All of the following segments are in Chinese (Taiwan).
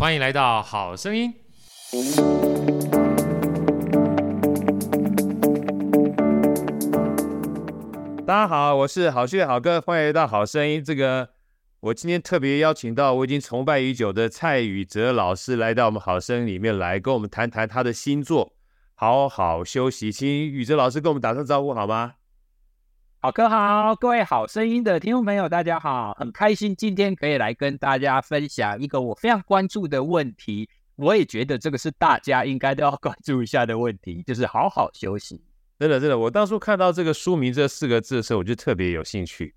歡迎來到郝聲音。大家好，我是郝旭烈郝哥，歡迎來到郝聲音。這個我今天特別邀請到我已經崇拜已久的蔡宇哲老師來到我們郝聲音裡面來，跟我們談談他的新作，好好休息，請宇哲老師跟我們打聲招呼好嗎？好好，各位好聲音的聽眾朋友，大家好，很開心今天可以來跟大家分享一個我非常關注的問題。我也覺得這個是大家應該都要關注一下的問題，就是好好休息。真的，真的，我當初看到這個書名這四個字的時候，我就特別有興趣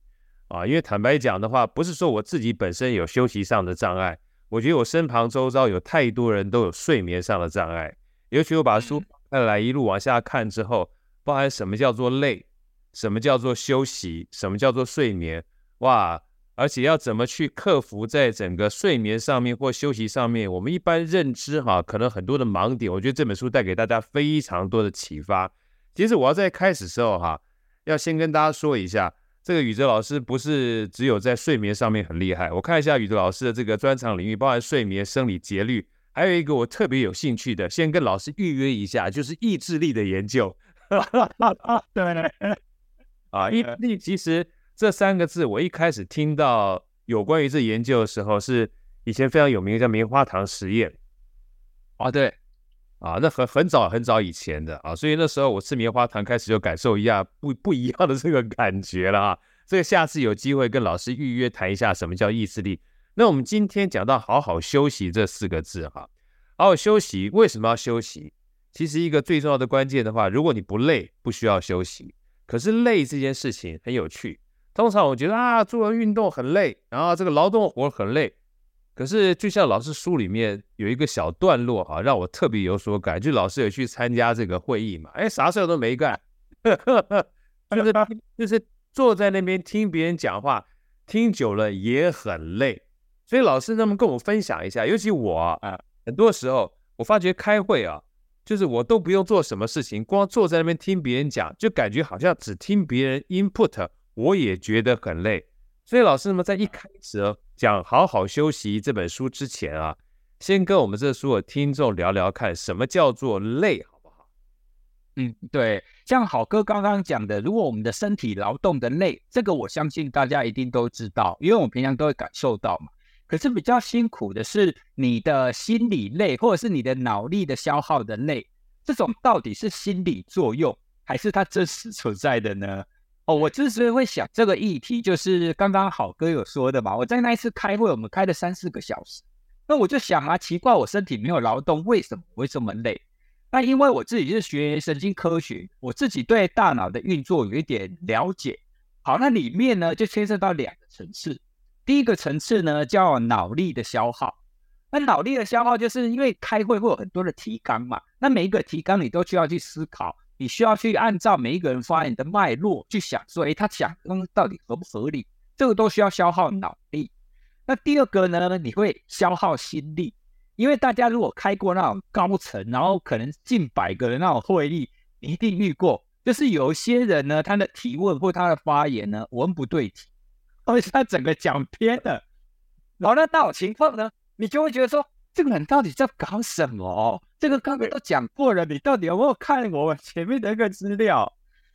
啊，因為坦白講的話，不是說我自己本身有休息上的障礙，我覺得我身旁周遭有太多人都有睡眠上的障礙。尤其我把書翻開來一路往下看之後，包含什麼叫做累。什麼叫做休息？什麼叫做睡眠？哇！而且要怎麼去克服在整個睡眠上面或休息上面，我們一般認知哈、啊，可能很多的盲點。我覺得這本書帶給大家非常多的啟發。其實我要在開始時候哈、啊，要先跟大家說一下，這個宇哲老師不是只有在睡眠上面很厲害。我看一下宇哲老師的這個專長領域，包含睡眠、生理節律，還有一個我特別有興趣的，先跟老師預約一下，就是意志力的研究。 對。啊，意志力其實這三個字，我一開始聽到有關於這研究的時候，是以前非常有名的叫棉花糖實驗。啊，對，啊，那很很早很早以前的啊，所以那時候我吃棉花糖開始就感受一下不不一樣的這個感覺了啊。這個下次有機會跟老師預約談一下什麼叫意志力。那我們今天講到好好休息這四個字哈，好好休息，為什麼要休息？其實一個最重要的關鍵的話，如果你不累，不需要休息。可是，累這件事情很有趣，通常我覺得啊，做完運動很累，然後這個勞動活很累。可是就像老師書裡面有一個小段落啊，讓我特別有所感，就老師有去參加這個會議嘛，哎，啥事兒都沒幹， 就是就是坐在那邊聽別人講話，聽久了也很累。所以老師能不能跟我們分享一下，尤其我啊，很多時候我發覺開會啊。就是我都不用做什麼事情，光坐在那邊聽別人講，就感覺好像只聽別人 input，我也覺得很累。所以老師們在一開始講《好好休息》這本書之前啊，先跟我們這書的聽眾聊聊看，什麼叫做累，好不好？嗯，對，像郝哥剛剛講的，如果我們的身體勞動的累，這個我相信大家一定都知道，因為我們平常都會感受到嘛。可是比較辛苦的是你的心理累，或者是你的腦力的消耗的累，這種到底是心理作用還是它真實存在的呢？哦，我之所以會想這個議題，就是剛剛郝哥有說的嘛。我在那一次開會，我們開了三四個小時，那我就想啊，奇怪，我身體沒有勞動，為什麼會這麼累？那因為我自己是學神經科學，我自己對大腦的運作有一點了解。好，那裡面呢就牽涉到兩個層次。第一個層次呢，叫腦力的消耗。那腦力的消耗，就是因為開會會有很多的提綱嘛，那每一個提綱你都需要去思考，你需要去按照每一個人發言的脈絡去想，說，誒、欸，他想的到底合不合理？這個都需要消耗腦力。那第二個呢，你會消耗心力，因為大家如果開過那種高層，然後可能近百個人那種會議，你一定遇過，就是有一些人呢，他的提問或他的發言呢，文不對題。看、哦、是他整個講片的，然後那有情況呢，你就會覺得說，這個人到底在搞什麼？這個剛剛都講過了，你到底有沒有看我前面那個資料？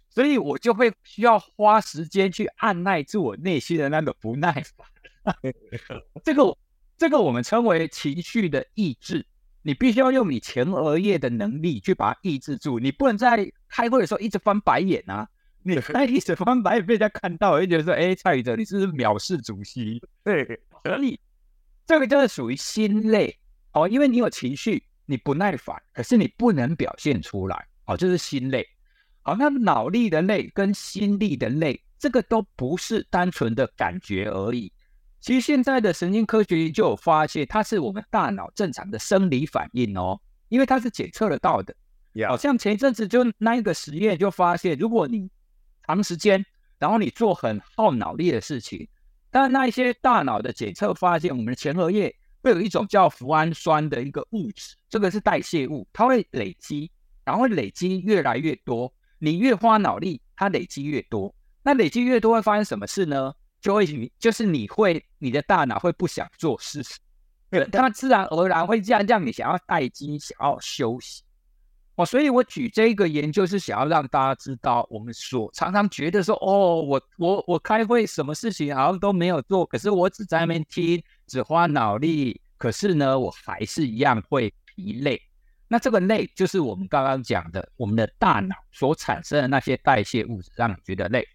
所以，我就會需要花時間去按耐住我內心的那個不耐煩。 這個，這個我們稱為情緒的抑制。你必須要用你前額葉的能力去把它抑制住，你不能在開會的時候一直翻白眼啊。 你戴歷史方白被人家看到，會覺得說：“誒蔡宇哲，你是不是藐視主席？”對，所以這個就是屬於心累哦，因為你有情緒，你不耐煩，可是你不能表現出來哦，就是心累。好、哦，那腦力的累跟心力的累，這個都不是單純的感覺而已。其實現在的神經科學就有發現，它是我們大腦正常的生理反應哦，因為它是檢測得到的。好 Yeah. 像前一陣子就那一個實驗就發現，如果你長時間，然後你做很耗腦力的事情，但那一些大腦的檢測發現，我們的前額葉會有一種叫谷氨酸的一個物質，這個是代謝物，它會累積，然後累積越來越多。你越花腦力，它累積越多。那累積越多，會發生什麼事呢？就會就是你會你的大腦會不想做事情，它自然而然會這樣讓你想要待機，想要休息。哦，所以我舉這個研究是想要讓大家知道，我們所常常覺得說，哦，我我我開會什麼事情好像都沒有做，可是我只在那邊聽，只花腦力，可是呢，我還是一樣會疲累。那這個累就是我們剛剛講的，我們的大腦所產生的那些代謝物質讓你覺得累。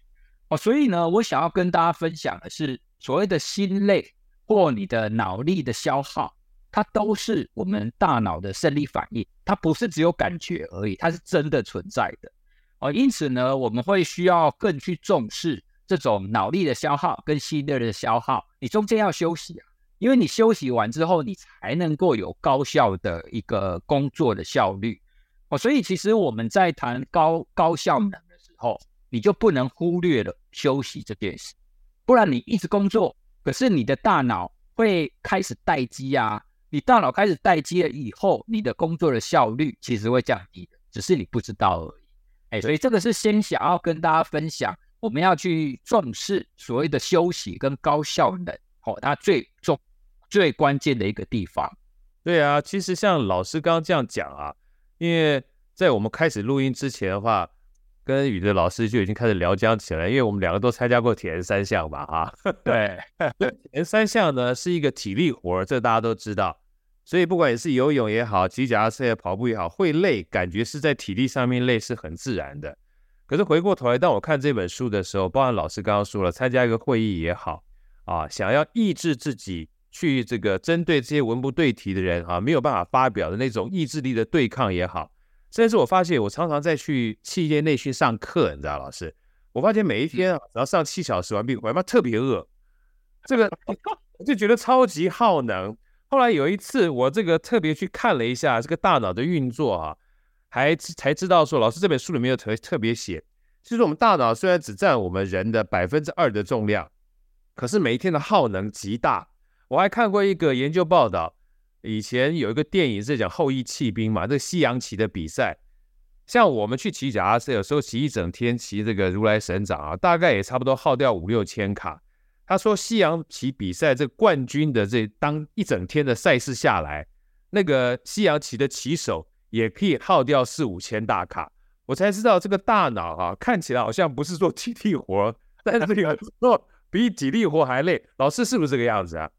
哦，所以呢，我想要跟大家分享的是，所謂的心累或你的腦力的消耗。它都是我們大腦的生理反應，它不是只有感覺而已，它是真的存在的哦。因此呢，我們會需要更去重視這種腦力的消耗跟心力的消耗，你中間要休息啊，因為你休息完之後，你才能夠有高效的一個工作的效率哦。所以其實我們在談高高效能的時候，你就不能忽略了休息這件事，不然你一直工作，可是你的大腦會開始待機啊。你大腦開始待機了以後，你的工作的效率其實會降低，只是你不知道而已。哎、欸，所以這個是先想要跟大家分享，我們要去重視所謂的休息跟高效能，哦，它最重最關鍵的一個地方。對啊，其實像老師剛剛這樣講啊，因為在我們開始錄音之前的話，跟宇哲老師就已經開始聊僵起來，因為我們兩個都參加過鐵人三項嘛，啊，對，鐵人 三項呢是一個體力活，這個、大家都知道。所以，不管你是游泳也好，騎腳踏車也好，跑步也好，會累，感覺是在體力上面累是很自然的。可是回過頭來，當我看這本書的時候，包含老師剛剛說了，參加一個會議也好，啊，想要抑制自己去這個針對這些文不對題的人啊，沒有辦法發表的那種意志力的對抗也好，甚至是我發現，我常常在去企業內訓上課，你知道，老師，我發現每一天啊，只要上七小時完畢我覺得他媽特別餓，這個我就覺得超級耗能。後來有一次，我這個特別去看了一下這個大腦的運作啊，還才知道說，老師這本書裡面有特特別寫，其實我們大腦雖然只佔我們人的百分之二的重量，可是每一天的耗能極大。我還看過一個研究報道，以前有一個電影是講後翼棄兵嘛，這個西洋棋的比賽，像我們去騎腳踏車，有時候騎一整天騎這個如來神掌啊，大概也差不多耗掉五六千卡。他說，西洋棋比賽這冠軍的這當一整天的賽事下來，那個西洋棋的棋手也可以耗掉四五千大卡。我才知道，這個大腦啊，看起來好像不是做體力活，但是比體力活還累，老師是不是這個樣子啊？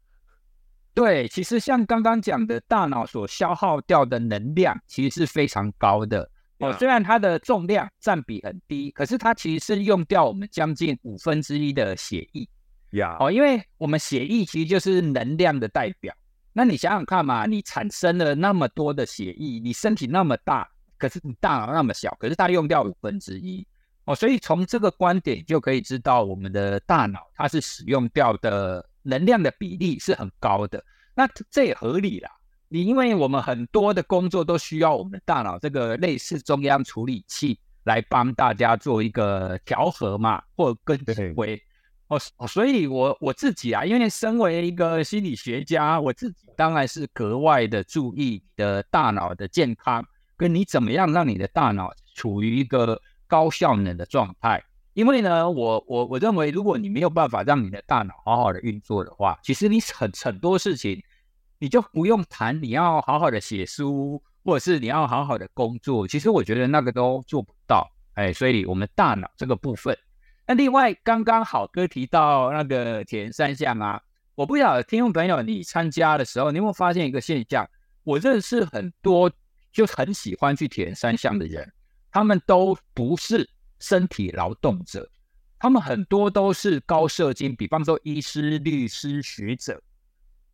對，其實像剛剛講的，大腦所消耗掉的能量其實是非常高的 Yeah. 哦。雖然它的重量佔比很低，可是它其實是用掉我們將近五分之一的血液。Yeah. 哦，因為我們血液其實就是能量的代表。那你想想看嘛，你產生了那麼多的血液，你身體那麼大，可是你大腦那麼小，可是它用掉五分之一哦。所以從這個觀點就可以知道，我們的大腦它是使用掉的能量的比例是很高的。那這也合理啦。你因為我們很多的工作都需要我們的大腦這個類似中央處理器來幫大家做一個調和嘛，或跟指揮。哦，所以我，我我自己啊，因為身為一個心理學家，我自己當然是格外的注意你的大腦的健康，跟你怎麼樣讓你的大腦處於一個高效能的狀態。因為呢，我我我認為，如果你沒有辦法讓你的大腦好好的運作的話，其實你很很多事情，你就不用談你要好好的寫書，或者是你要好好的工作。其實我覺得那個都做不到。哎，所以我們大腦這個部分。那另外，剛剛郝哥提到那個鐵人三項啊，我不知道聽眾朋友你參加的時候，你有沒有發現一個現象？我認識很多就很喜歡去鐵人三項的人，他們都不是身體勞動者，他們很多都是高社經。比方說醫師、律師、學者。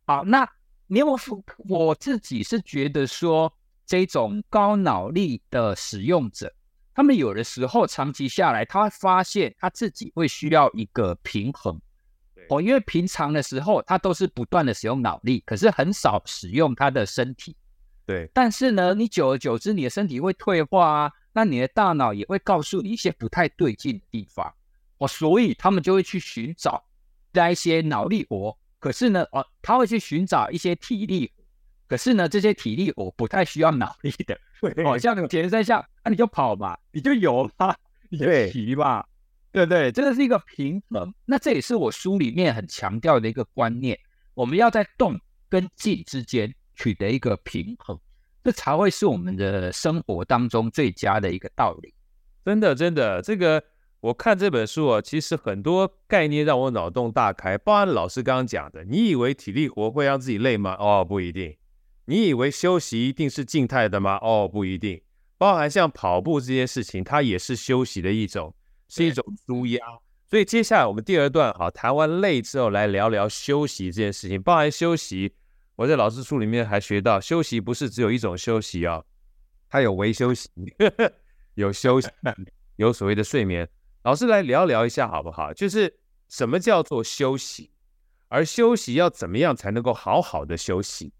好，那你有沒有，我自己是覺得說，這種高腦力的使用者。他們有的時候長期下來，他會發現他自己會需要一個平衡，對哦，因為平常的時候他都是不斷的使用腦力，可是很少使用他的身體。對，但是呢，你久而久之，你的身體會退化啊，那你的大腦也會告訴你一些不太對勁的地方，哦，所以他們就會去尋找一些腦力活，可是呢，哦，他會去尋找一些體力可是呢，這些體力我不太需要腦力的，好、 哦、像那個鐵人三項，啊、你就跑吧， 你就游吧，你就騎吧，對不對？這個是一個平衡。那這也是我書裡面很強調的一個觀念，我們要在動跟靜之間取得一個平衡， 這才會是我們的生活當中最佳的一個道理。真的，真的，這個我看這本書啊、哦，其實很多概念讓我腦洞大開。包含老師剛剛講的，你以為體力活會讓自己累嗎？哦，不一定。你以為休息一定是靜態的嗎？哦，不一定，包含像跑步這件事情，它也是休息的一種，是一種舒壓。所以接下來我們第二段、啊，好，談完累之後，來聊聊休息這件事情。包含休息，我在老師書裡面還學到，休息不是只有一種休息啊、哦，它有微休息呵呵，有休息，有所謂的睡眠。老師來聊聊一下好不好？就是什麼叫做休息，而休息要怎麼樣才能夠好好的休息？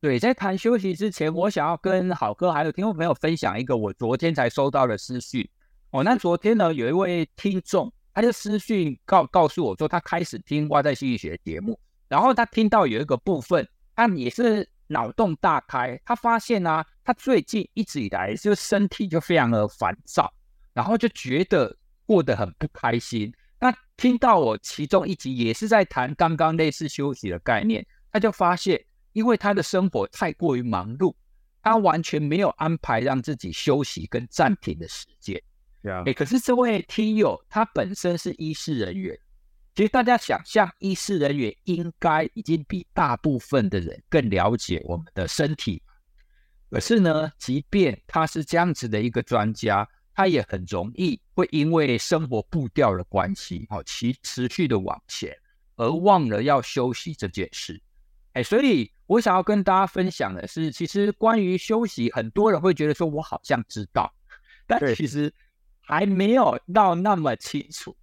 對，在談休息之前，我想要跟好哥還有聽眾朋友分享一個我昨天才收到的私訊哦。那昨天呢，有一位聽眾，他就私訊告告訴我說，他開始聽《哇賽心理學》的節目，然後他聽到有一個部分，他也是腦洞大開，他發現呢、啊，他最近一直以來就身體就非常的煩躁，然後就覺得過得很不開心。那聽到我其中一集也是在談剛剛類似休息的概念，他就發現。因為他的生活太過於忙碌，他完全沒有安排讓自己休息跟暫停的時間。Yeah. 可是這位聽友，他本身是醫師人員，其實大家想象醫師人員應該已經比大部分的人更了解我們的身體，可是呢，即便他是這樣子的一個專家，他也很容易會因為生活步調的關係，好、哦，其持續的往前，而忘了要休息這件事。哎、欸，所以我想要跟大家分享的是，其實關於休息，很多人會覺得說，我好像知道，但其實還沒有到那麼清楚。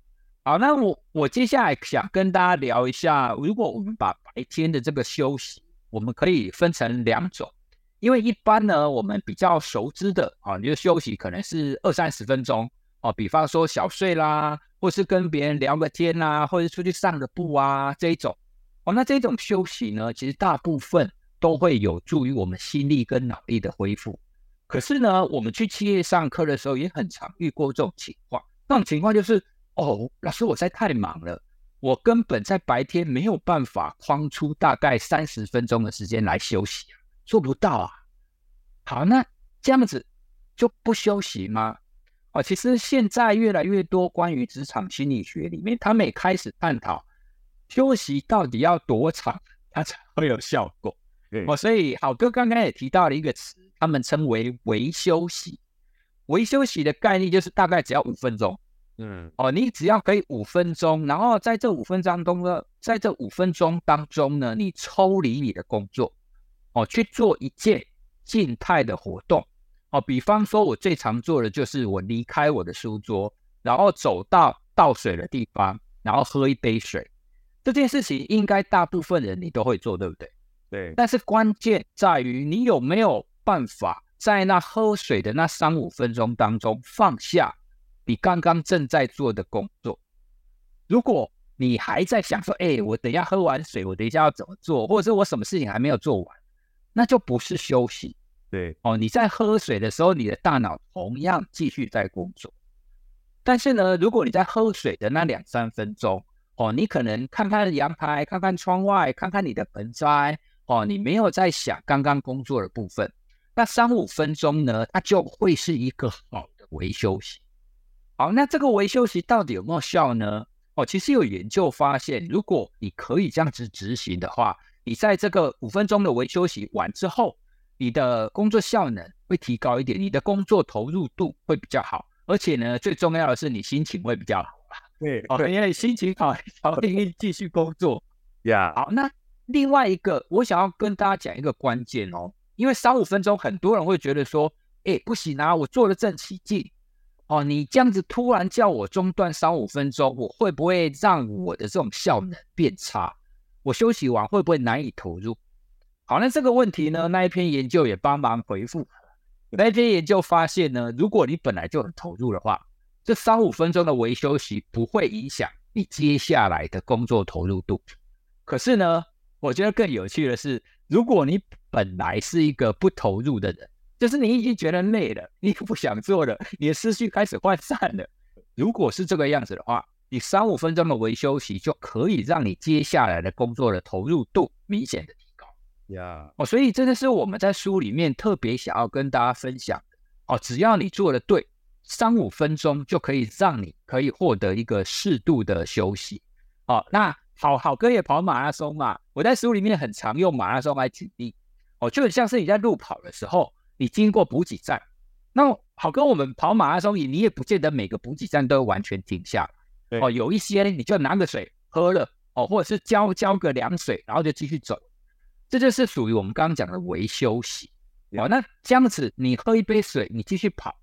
好，那我我接下來想跟大家聊一下，如果我們把白天的這個休息，我們可以分成兩種，因為一般呢，我們比較熟知的啊，你的休息可能是二三十分鐘哦、啊，比方說小睡啦，或是跟別人聊個天吶、啊，或者出去散個步啊這一種。哦，那這種休息呢，其實大部分都會有助於我們心力跟腦力的恢復。可是呢，我們去企業上課的時候，也很常遇過這種情況。那種情況就是，哦，老師，我在太忙了，我根本在白天沒有辦法框出大概三十分鐘的時間來休息，做不到啊。好，那這樣子就不休息嗎？哦，其實現在越來越多關於職場心理學裡面，他們也開始探討，休息到底要多長，它才會有效果？嗯、哦，所以好哥剛剛也提到了一個詞，他們稱為“微休息”。微休息的概念就是大概只要五分鐘。嗯，哦，你只要可以五分鐘，然後在這五分鐘中呢，在這五分鐘當中呢，你抽離你的工作，哦，去做一件靜態的活動。哦，比方說，我最常做的就是我離開我的書桌，然後走到倒水的地方，然後喝一杯水。這件事情應該大部分人你都會做，對不對？對。但是關鍵在於你有沒有辦法在那喝水的那三五分鐘當中放下你剛剛正在做的工作。如果你還在想說，哎，我等一下喝完水，我等一下要怎麼做，或者是我什麼事情還沒有做完，那就不是休息。對。哦，你在喝水的時候，你的大腦同樣繼續在工作。但是呢，如果你在喝水的那兩三分鐘，哦，你可能看看陽台，看看窗外，看看你的盆栽。哦，你沒有在想剛剛工作的部分。那三五分鐘呢？它就會是一個好的微休息。好，那這個微休息到底有沒有效呢？哦，其實有研究發現，如果你可以這樣子執行的話，你在這個五分鐘的微休息完之後，你的工作效能會提高一點，你的工作投入度會比較好，而且呢，最重要的是你心情會比較好。對，哦，Okay, 因為心情好，好願意繼續工作。呀，Yeah. 好，那另外一個，我想要跟大家講一個關鍵哦，因為三五分鐘，很多人會覺得說，哎，不行啊，我做了正起勁，哦，你這樣子突然叫我中斷三五分鐘，我會不會讓我的這種效能變差？我休息完會不會難以投入？好，那這個問題呢，那一篇研究也幫忙回復，那一篇研究發現呢，如果你本來就很投入的話。這三五分鐘的微休息不會影響你接下來的工作投入度。可是呢，我覺得更有趣的是，如果你本來是一個不投入的人，就是你已經覺得累了，你不想做了，你的思緒開始渙散了。如果是這個樣子的話，你三五分鐘的微休息就可以讓你接下來的工作的投入度明顯的提高呀 Yeah.、哦。所以真的是我們在書裡面特別想要跟大家分享的哦，只要你做的對，三五分鐘就可以讓你可以獲得一個適度的休息、哦。好，那好好哥也跑馬拉松嘛，我在書裡面很常用馬拉松來舉例。哦，就很像是你在路跑的時候，你經過補給站。那好哥，我們跑馬拉松，你你也不見得每個補給站都完全停下對哦，有一些你就拿個水喝了，哦，或者是澆澆個涼水，然後就繼續走。這就是屬於我們剛剛講的微休息。對哦，那這樣子，你喝一杯水，你繼續跑。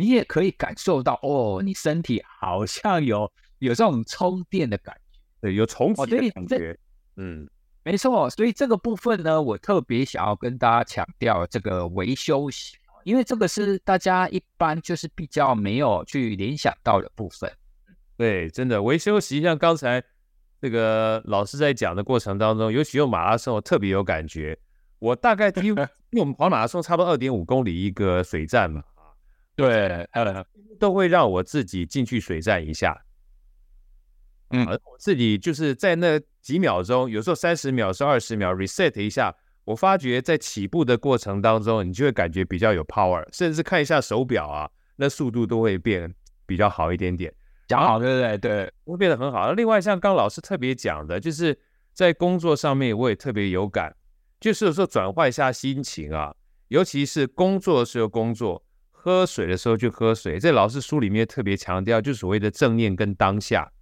你也可以感受到哦，你身體好像有有這種充電的感覺，對，有充能的感覺，哦、嗯，沒錯。所以這個部分呢，我特別想要跟大家強調這個維修性，因為這個是大家一般就是比較沒有去聯想到的部分。對，真的維修，實際上剛才這個老師在講的過程當中，尤其用馬拉松，我特別有感覺。我大概聽，因為 因為我們跑馬拉松，差不多二點五公里一個水站嘛。對，嗯，都會讓我自己進去水戰一下，嗯、啊，我自己就是在那幾秒鐘，有時候三十秒是二十秒，reset 一下，我發覺在起步的過程當中，你就會感覺比較有 power，甚至看一下手錶啊，那速度都會變比較好一點點，講好、啊、對不對，對？對，會變得很好。那另外，像剛老師特別講的，就是在工作上面，我也特別有感，就是有時候轉換一下心情啊，尤其是工作的時候，工作。喝水的時候就喝水，在老師書裡面特別強調，就所謂的正念跟當下，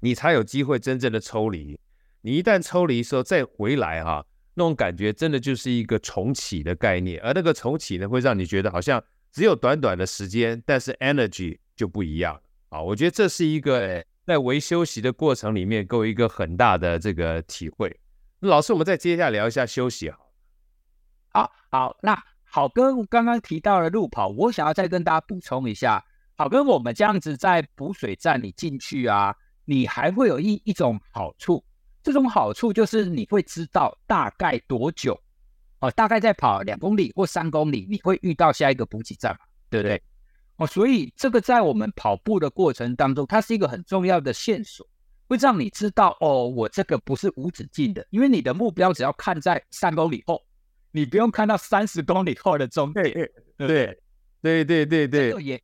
你才有機會真正的抽離。你一旦抽離的時候再回來哈、啊，那種感覺真的就是一個重啟的概念，而那個重啟呢，會讓你覺得好像只有短短的時間，但是 energy 就不一樣啊。我覺得這是一個、哎、在微休息的過程裡面給我一個很大的這個體會。那老師，我們再接下來聊一下休息，好。好，好，那。好，跟我剛剛提到了路跑，我想要再跟大家補充一下。好，跟我們這樣子在補水站，你進去啊，你還會有一一種好處，這種好處就是你會知道大概多久，哦，大概在跑兩公里或三公里，你會遇到下一個補給站，對不對？哦，所以這個在我們跑步的過程當中，它是一個很重要的線索，會讓你知道，哦，我這個不是無止境的，因為你的目標只要看在三公里後。你不用看到三十公里後的終點，對對對對對對，這個也，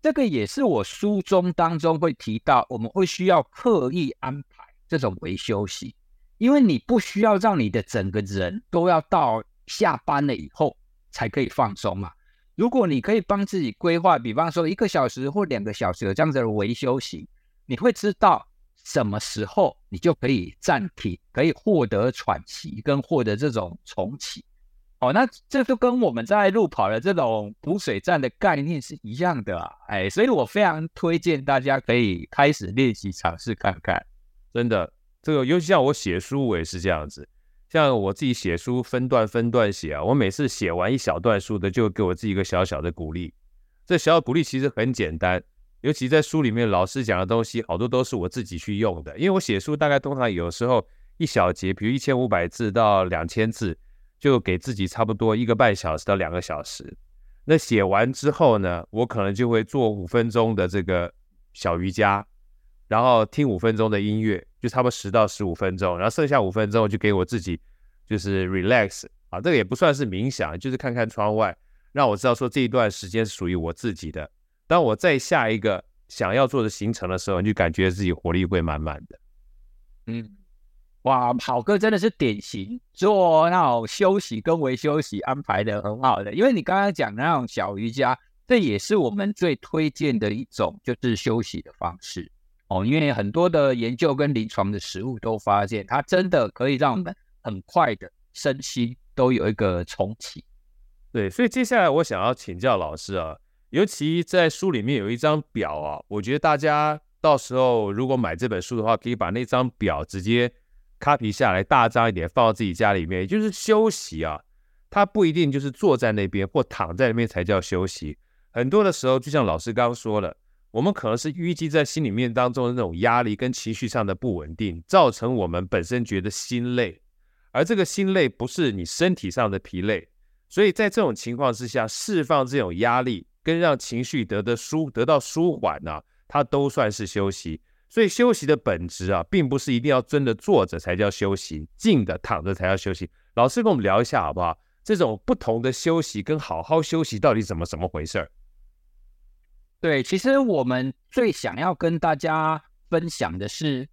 這個也是我書中當中會提到，我們會需要刻意安排這種微休息，因為你不需要讓你的整個人都要到下班了以後才可以放鬆嘛。如果你可以幫自己規劃，比方說一個小時或兩個小時的這樣子的微休息，你會知道什麼時候。你就可以暫停，可以獲得喘氣跟獲得這種重啟。好、哦，那這就跟我們在路跑的這種補水站的概念是一樣的、啊。哎，所以我非常推薦大家可以開始練習嘗試看看。真的，這個尤其像我寫書，我也是這樣子。像我自己寫書，分段分段寫啊，我每次寫完一小段書的，就給我自己一個小小的鼓勵。這小小鼓勵其實很簡單。尤其在書裡面，老師講的東西好多都是我自己去用的。因為我寫書大概通常有時候一小節，比如一千五百字到兩千字，就給自己差不多一個半小時到兩個小時。那寫完之後呢，我可能就會做五分鐘的這個小瑜伽，然後聽五分鐘的音樂，就差不多十到十五分鐘。然後剩下五分鐘就給我自己，就是 relax 啊，這個也不算是冥想，就是看看窗外，讓我知道說這一段時間是屬於我自己的。當我在下一個想要做的行程的時候，你就感覺自己活力會滿滿的。嗯，哇，好哥真的是典型做那種休息跟微休息安排得很好的。因為你剛剛講的那種小瑜伽，這也是我們最推薦的一種就是休息的方式哦。因為很多的研究跟臨床的實務都發現，它真的可以讓我們很快的身心都有一個重啟。對，所以接下來我想要請教老師啊。尤其在書裡面有一張表啊，我覺得大家到時候如果買這本書的話，可以把那張表直接 copy 下來，大張一點，放到自己家裡面。就是休息啊，它不一定就是坐在那邊或躺在那邊才叫休息。很多的時候，就像老師剛說了，我們可能是淤積在心裡面當中的那種壓力跟情緒上的不穩定，造成我們本身覺得心累。而這個心累不是你身體上的疲累，所以在這種情況之下，釋放這種壓力，跟讓情緒得的舒得到舒緩呢，啊，它都算是休息。所以休息的本質啊，並不是一定要真的坐着才叫休息，靜的躺着才叫休息。老師跟我們聊一下好不好？這種不同的休息跟好好休息到底怎麼怎麼回事兒？對，其實我們最想要跟大家分享的是，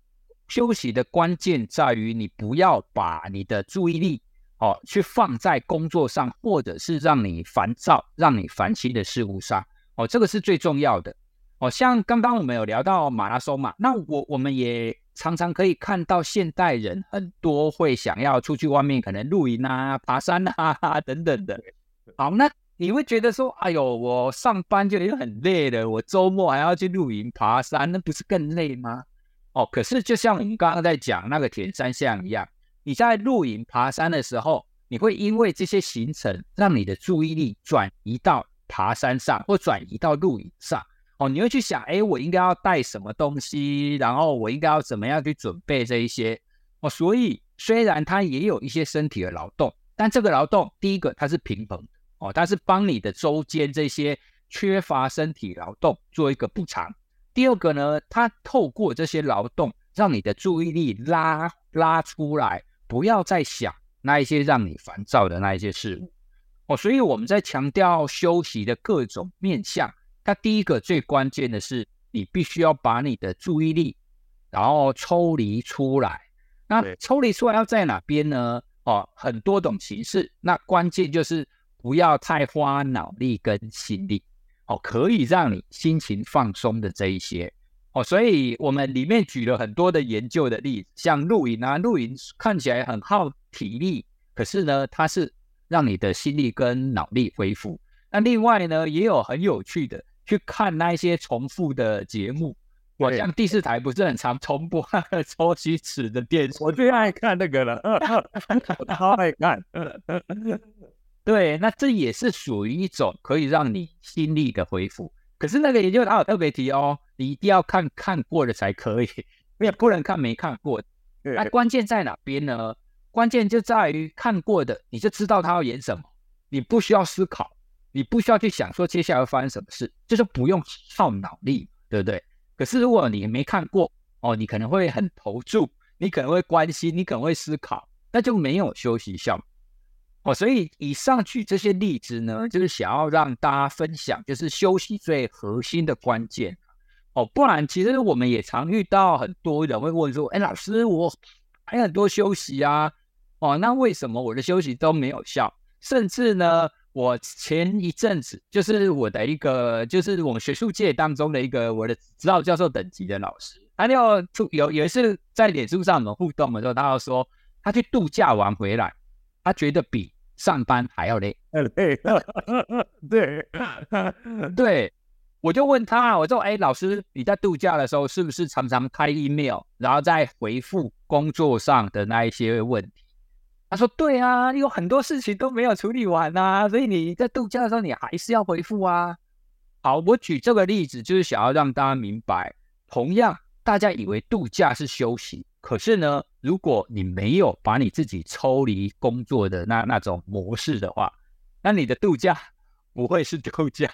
休息的關鍵在於你不要把你的注意力。哦，去放在工作上，或者是讓你煩躁、讓你煩心的事物上，哦，這個是最重要的。哦，像剛剛我們有聊到馬拉松嘛，那我我們也常常可以看到現代人很多會想要出去外面，可能露營啊、爬山啊等等的。好，那你會覺得說，哎呦，我上班就已經很累了，我周末還要去露營爬山，那不是更累嗎？哦，可是就像我們剛剛在講那個鐵人三項一樣。你在露營爬山的時候，你會因為這些行程，讓你的注意力轉移到爬山上，或轉移到露營上。哦，你會去想，誒，我應該要帶什麼東西，然後我應該要怎麼樣去準備這一些。哦，所以雖然它也有一些身體的勞動，但這個勞動，第一個它是平衡哦，它是幫你的周間，這些缺乏身體勞動做一個補償。第二個呢，它透過這些勞動，讓你的注意力拉拉出來。不要再想那一些讓你煩躁的那一些事物哦，所以我們在強調休息的各種面向。它第一個最關鍵的是，你必須要把你的注意力然後抽離出來。那抽離出來要在哪邊呢？哦，很多種形式。那關鍵就是不要太花腦力跟心力哦，可以讓你心情放鬆的這一些。哦，所以我們裡面舉了很多的研究的例子，像露營啊，露營看起來很耗體力，可是呢，它是讓你的心力跟腦力恢復。那另外呢，也有很有趣的，去看那些重複的節目，我對像第四台不是很常重播哈哈，周星馳的電視，我最愛看那個了，太、啊、愛看。啊啊、對，那這也是屬於一種可以讓你心力的恢復。可是那個研究他有特別提哦。你一定要看看過的才可以，你不能看沒看過的。那關鍵在哪邊呢？關鍵就在於看過的，你就知道他要演什麼，你不需要思考，你不需要去想說接下來會發生什麼事，就是不用耗腦力，對不對？可是如果你沒看過，哦，你可能會很投入，你可能會關心，你可能會思考，那就沒有休息效果。哦，所以以上舉這些例子呢，就是想要讓大家分享，就是休息最核心的關鍵。哦，不然其實我們也常遇到很多人會問說：“哎，老師，我還有很多休息啊，哦，那為什麼我的休息都沒有效？甚至呢，我前一陣子就是我的一個，就是我們學術界當中的一個我的指導教授等級的老師，他就出有有，有一次在臉書上我們互動的時候，他要說他去度假完回來，他覺得比上班還要累，累， 對，對。”我就問他，我說：“哎，老師，你在度假的時候是不是常常開 email，然後再回覆工作上的那一些問題？”他說：“對啊，有很多事情都沒有處理完吶，啊，所以你在度假的時候你還是要回覆啊。”好，我舉這個例子就是想要讓大家明白，同樣大家以為度假是休息，可是呢，如果你沒有把你自己抽離工作的那那種模式的話，那你的度假不會是度假。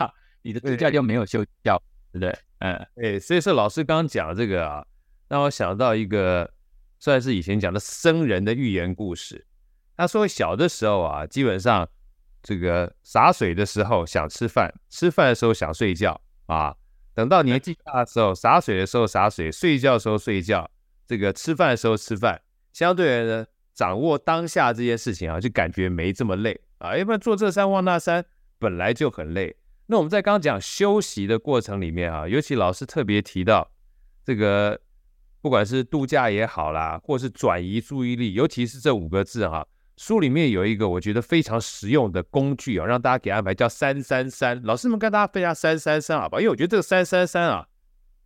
你的指甲就沒有修掉，對,對不對？嗯，對，所以說老師剛剛講的這個啊，讓我想到一個算是以前講的僧人的寓言故事。他說小的時候啊，基本上這個灑水的時候想吃飯，吃飯的時候想睡覺啊，等到年紀大的時候，嗯、灑水的時候灑水，睡覺的時候睡覺，這個吃飯的時候吃飯，相對的呢，掌握當下這些事情啊，就感覺沒這麼累啊，要不然坐這山望那山本來就很累。那我們在剛講休息的過程裡面啊，尤其老師特別提到這個，不管是度假也好啦，或是轉移注意力，尤其是這五個字哈、啊，書裡面有一個我覺得非常實用的工具啊、哦，讓大家給安排叫三三三。老師們跟大家分享三三三好不好？因為我覺得這個三三三啊，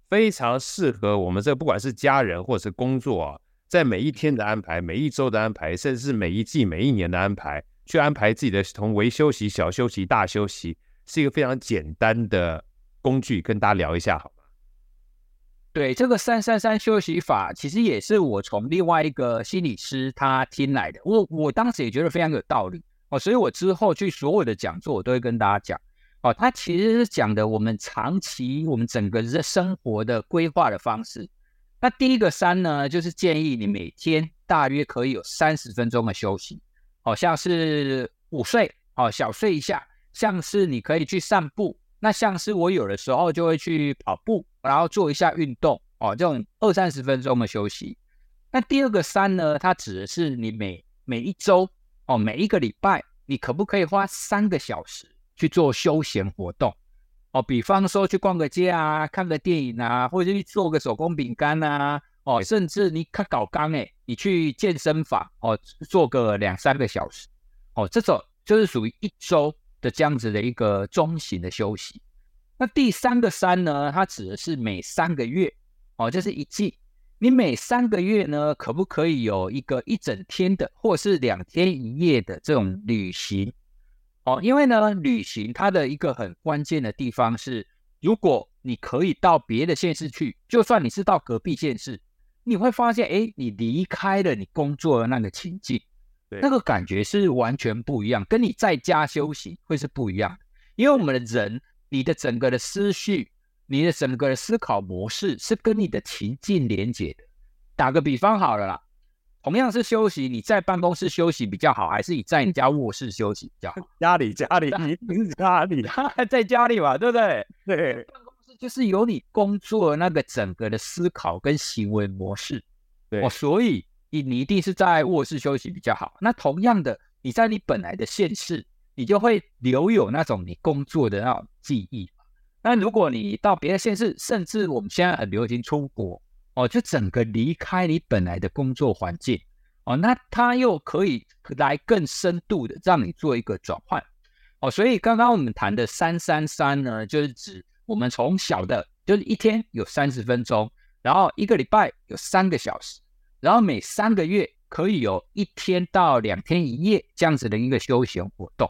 非常適合我們這不管是家人或者是工作啊，在每一天的安排、每一周的安排，甚至是每一季、每一年的安排，去安排自己的同微休息、小休息、大休息。是一個非常簡單的工具，跟大家聊一下好嗎？對，這個三三三休息法其實也是我從另外一個心理師他聽來的，我我當時也覺得非常有道理哦，所以我之後去所有的講座我都會跟大家講哦。他其實是講的我們長期我們整個的生活的規劃的方式。那第一個三呢，就是建議你每天大約可以有三十分鐘的休息，好像是午睡哦，小睡一下。像是你可以去散步，那像是我有的時候就會去跑步，然後做一下運動哦，這種二三十分鐘的休息。那第二個三呢，它指的是你每每一周哦，每一個禮拜，你可不可以花三個小時去做休閒活動哦？比方說去逛個街啊，看個電影啊，或者去做個手工餅乾吶、啊、哦，甚至你可搞剛誒，你去健身房哦，做個兩三個小時哦，這種就是屬於一周。的這樣子的一個中型的休息，那第三個三呢？它指的是每三個月哦，這、就是一季。你每三個月呢，可不可以有一個一整天的，或是兩天一夜的這種旅行？哦，因為呢，旅行它的一個很關鍵的地方是，如果你可以到別的縣市去，就算你是到隔壁縣市，你會發現，哎、欸，你離開了你工作的那個情境。對那個感覺是完全不一樣，跟你在家休息會是不一樣，因為我們的人，你的整個的思緒，你的整個的思考模式是跟你的情境連接的。打個比方好了啦，同樣是休息，你在辦公室休息比較好，還是你在你家臥室休息比較好？家裡，家裡，但 你定是家裡， 在家裡嘛，對不對？對。辦公室就是有你工作的那個整個的思考跟行為模式，對，oh, 所以。你你一定是在臥室休息比較好。那同樣的，你在你本來的縣市，你就會留有那種你工作的那種記憶。那如果你到別的縣市，甚至我們現在很流行出國哦，就整個離開你本來的工作環境哦，那它又可以來更深度的讓你做一個轉換哦。所以剛剛我們談的三三三呢，就是指我們從小的，就是一天有三十分鐘，然後一個禮拜有三個小時，然後每三個月可以有一天到兩天一夜這樣子的一個休閒活動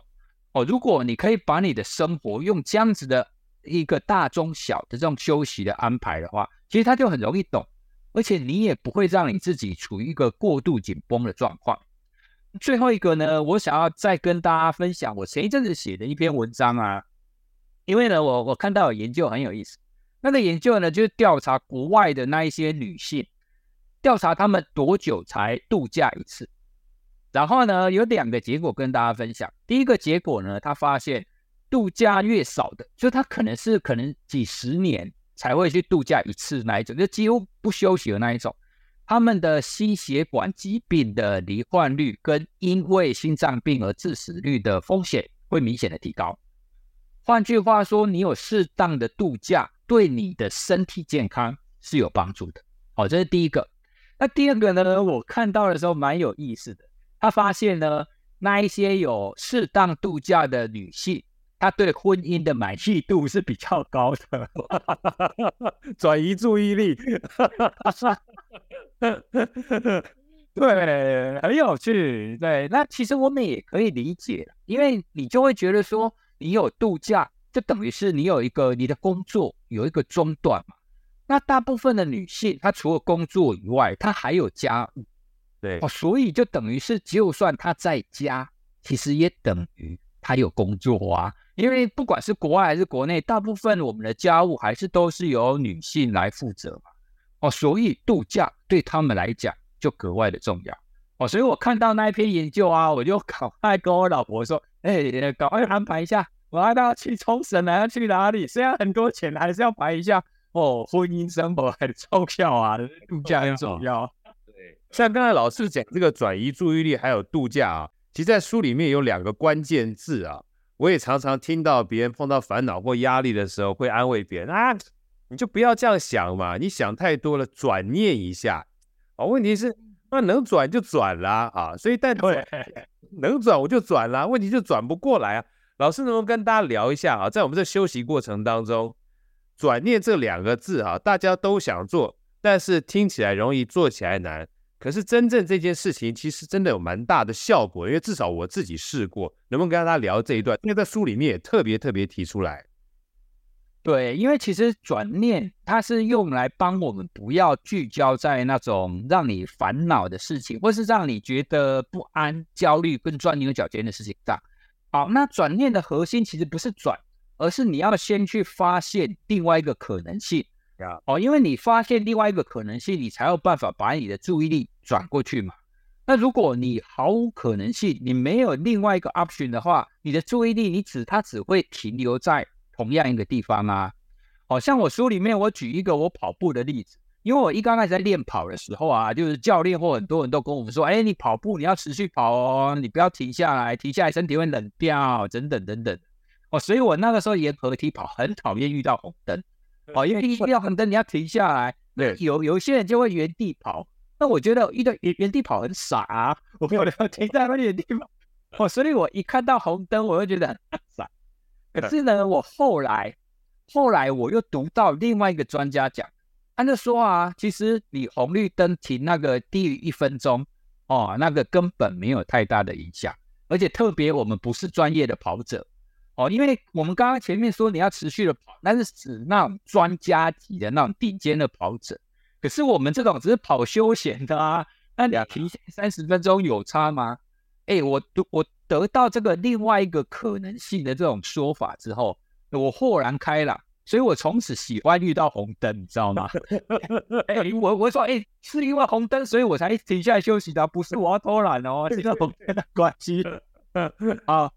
哦。如果你可以把你的生活用這樣子的一個大中小的這種休息的安排的話，其實它就很容易懂，而且你也不會讓你自己處於一個過度緊繃的狀況。最後一個呢，我想要再跟大家分享我前一陣子寫的一篇文章啊，因為呢，我我看到有研究很有意思，那個研究呢就是調查國外的那一些女性。調查他們多久才度假一次，然後呢，有兩個結果跟大家分享。第一個結果呢，他發現度假越少的，就他可能是可能幾十年才會去度假一次那一種，就幾乎不休息的那一種，他們的心血管疾病的罹患率跟因為心臟病而致死率的風險會明顯的提高。換句話說，你有適當的度假對你的身體健康是有幫助的。好，這是第一個。那第二個呢？我看到的時候蠻有意思的。他發現呢，那一些有適當度假的女性，她對婚姻的滿意度是比較高的。 轉移注意力， 對，很有趣。對，那其實我們也可以理解，因為你就會覺得說，你有度假，就等於是你有一個你的工作有一個中斷嘛。那大部分的女性，她除了工作以外，她還有家務，對哦，所以就等於是，就算她在家，其實也等於她有工作啊。因為不管是國外還是國內，大部分我們的家務還是都是由女性來負責嘛。哦，所以度假對他們來講就格外的重要哦。所以我看到那一篇研究啊，我就趕快跟我老婆說，哎、欸，呃、趕快安排一下，我要去沖繩啊，要去哪裡。雖然很多錢，還是要排一下。哦，婚姻、三寶還是鈔票啊？度假很重要。對，像剛才老師講這個轉移注意力，還有度假啊，其實，在書裡面有兩個關鍵字啊。我也常常聽到別人碰到煩惱或壓力的時候，會安慰別人啊：“你就不要這樣想嘛，你想太多了，轉念一下。”哦啊，問題是那能轉就轉啦啊，所以但對，能轉我就轉啦。問題就轉不過來啊。老師能不能跟大家聊一下啊？在我們這休息過程當中。轉念這兩個字啊，大家都想做，但是聽起來容易，做起來難。可是真正這件事情，其實真的有蠻大的效果，因為至少我自己試過。能不能跟大家聊這一段？應該在書裡面也特別特別提出來。對，因為其實轉念它是用來幫我們不要聚焦在那種讓你煩惱的事情，或是讓你覺得不安、焦慮、跟鑽牛角尖的事情上。好，那轉念的核心其實不是轉。而是你要先去發現另外一個可能性哦，因為你發現另外一個可能性，你才有辦法把你的注意力轉過去嘛。那如果你毫無可能性，你沒有另外一個 option 的話，你的注意力你只它只會停留在同樣一個地方啊。好、哦、像我書裡面我舉一個我跑步的例子，因為我一剛開始在練跑的時候啊，就是教練或很多人都跟我們說，哎，你跑步你要持續跑哦，你不要停下來，停下來身體會冷掉，等等等等。哦，所以我那個時候沿河堤跑，很討厭遇到紅燈，哦，因為遇到紅燈你要停下來。對，有有一些人就會原地跑，那我覺得我遇到原原地跑很傻、啊，我沒有停在那原地跑。哦，所以我一看到紅燈，我會覺得很傻。可是呢，我後來後來我又讀到另外一個專家講，按照說啊，其實你紅綠燈停那個低於一分鐘，哦，那個根本沒有太大的影響，而且特別我們不是專業的跑者。哦，因為我們剛剛前面說，你要持續的跑，那是指那種專家級的那種頂尖的跑者。可是我們這種只是跑休閒的啊，那你停下三十分鐘有差嗎？哎、欸，我得我得到這個另外一個可能性的這種說法之後，我豁然開朗，所以我從此喜歡遇到紅燈，你知道嗎？哎、欸，我我說哎、欸，是因為紅燈，所以我才停下來休息的、啊，不是我要偷懶哦，是紅燈的關係啊。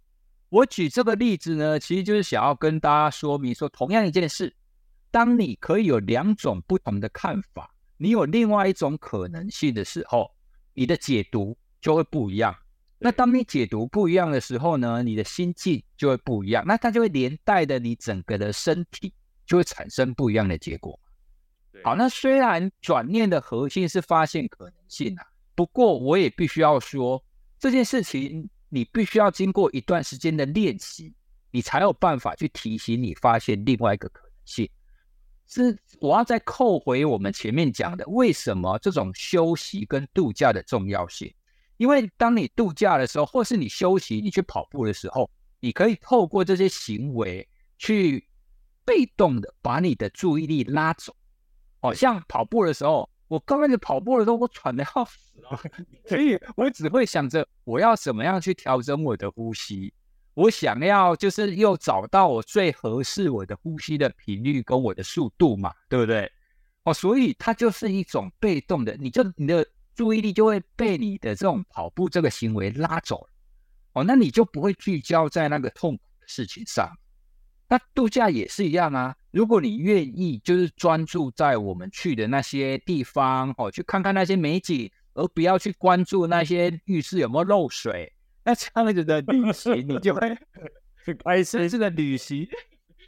我舉這個例子呢，其實就是想要跟大家說明說，同樣一件事，當你可以有兩種不同的看法，你有另外一種可能性的時候，你的解讀就會不一樣。對那當你解讀不一樣的時候呢，你的心境就會不一樣，那它就會連帶的，你整個的身體就會產生不一樣的結果。對好，那雖然轉念的核心是發現可能性啊，不過我也必須要說這件事情。你必須要經過一段時間的練習，你才有辦法去提醒你發現另外一個可能性。是我要再扣回我們前面講的，為什麼這種休息跟度假的重要性？因為當你度假的時候，或是你休息、你去跑步的時候，你可以透過這些行為去被動的把你的注意力拉走。好像跑步的時候。我剛開始跑步的時候，我喘得要死，所以我只會想着我要怎麼樣去調整我的呼吸，我想要就是又找到我最合適我的呼吸的頻率跟我的速度嘛，對不對？哦，所以它就是一種被動的，你就你的注意力就會被你的這種跑步這個行為拉走哦，那你就不會聚焦在那個痛苦的事情上，那度假也是一樣啊。如果你願意，就是專注在我們去的那些地方哦，去看看那些美景，而不要去關注那些浴室有沒有漏水， 那這樣子的旅行你就會 很開心。是個旅行